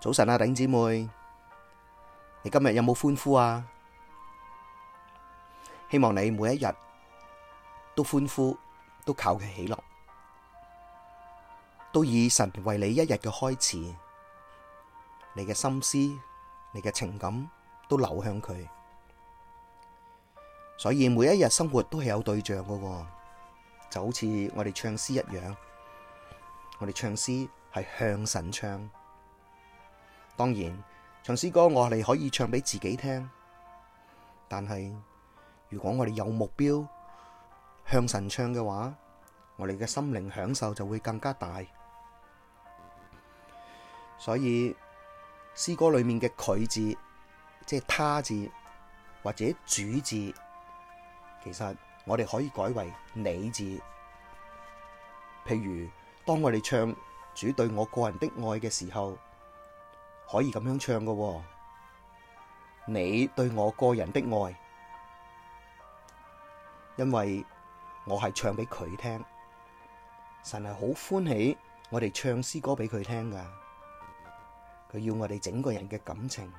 早晨啊，頂姊妹，你今日有冇歡呼啊？希望你每一日都歡呼，都靠佢喜樂，都以神為你一日嘅開始，你嘅心思、你嘅情感都流向佢。所以每一日生活都係有對象㗎喎，就好似我哋唱詩一樣，我哋唱詩係向神唱。當然，唱詩歌我哋可以唱俾自己聽，但係如果我哋有目標向神唱嘅話，我哋嘅心靈享受就會更加大。所以詩歌裏面嘅佢字，即係他字或者主字，其實我哋可以改為你字。譬如當我哋唱主對我個人的愛嘅時候。可以咁樣唱嘅，你對我個人的愛，因為我係唱俾佢聽，神係好歡喜我哋唱詩歌俾佢聽噶，佢要我哋整個人嘅感情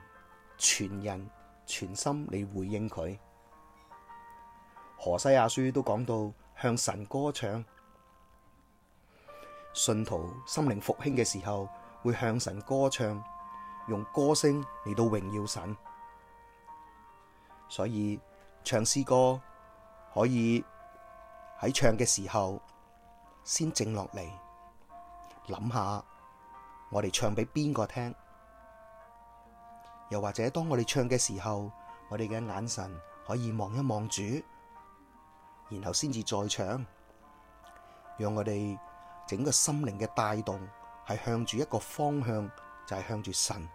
全人全心嚟，回應佢。何西阿書都講到向神歌唱，信徒心靈復興嘅時候會向神歌唱。用歌聲嚟到榮耀神，所以唱詩歌可以喺唱嘅時候先靜落嚟諗下，我哋唱俾邊個聽？又或者當我哋唱嘅時候，我哋嘅眼神可以望一望主，然後先至再唱，讓我哋整個心靈嘅帶動係向住一個方向。就係向住神、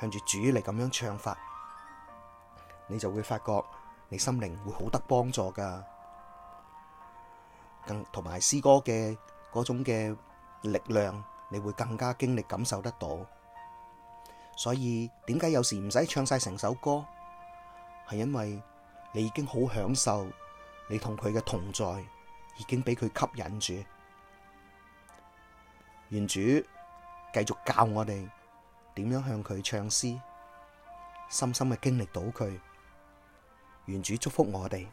向住主嚟咁樣唱法，你就會發覺你心靈會好得幫助噶，更同埋詩歌嘅嗰種嘅力量，你會更加經歷感受得到。所以點解有時唔使唱晒成首歌，係因為你已經好享受你同佢嘅同在，已經俾佢吸引住。願主繼續教我哋。點樣向佢唱詩？深深嘅經歷到佢，願主祝福我哋。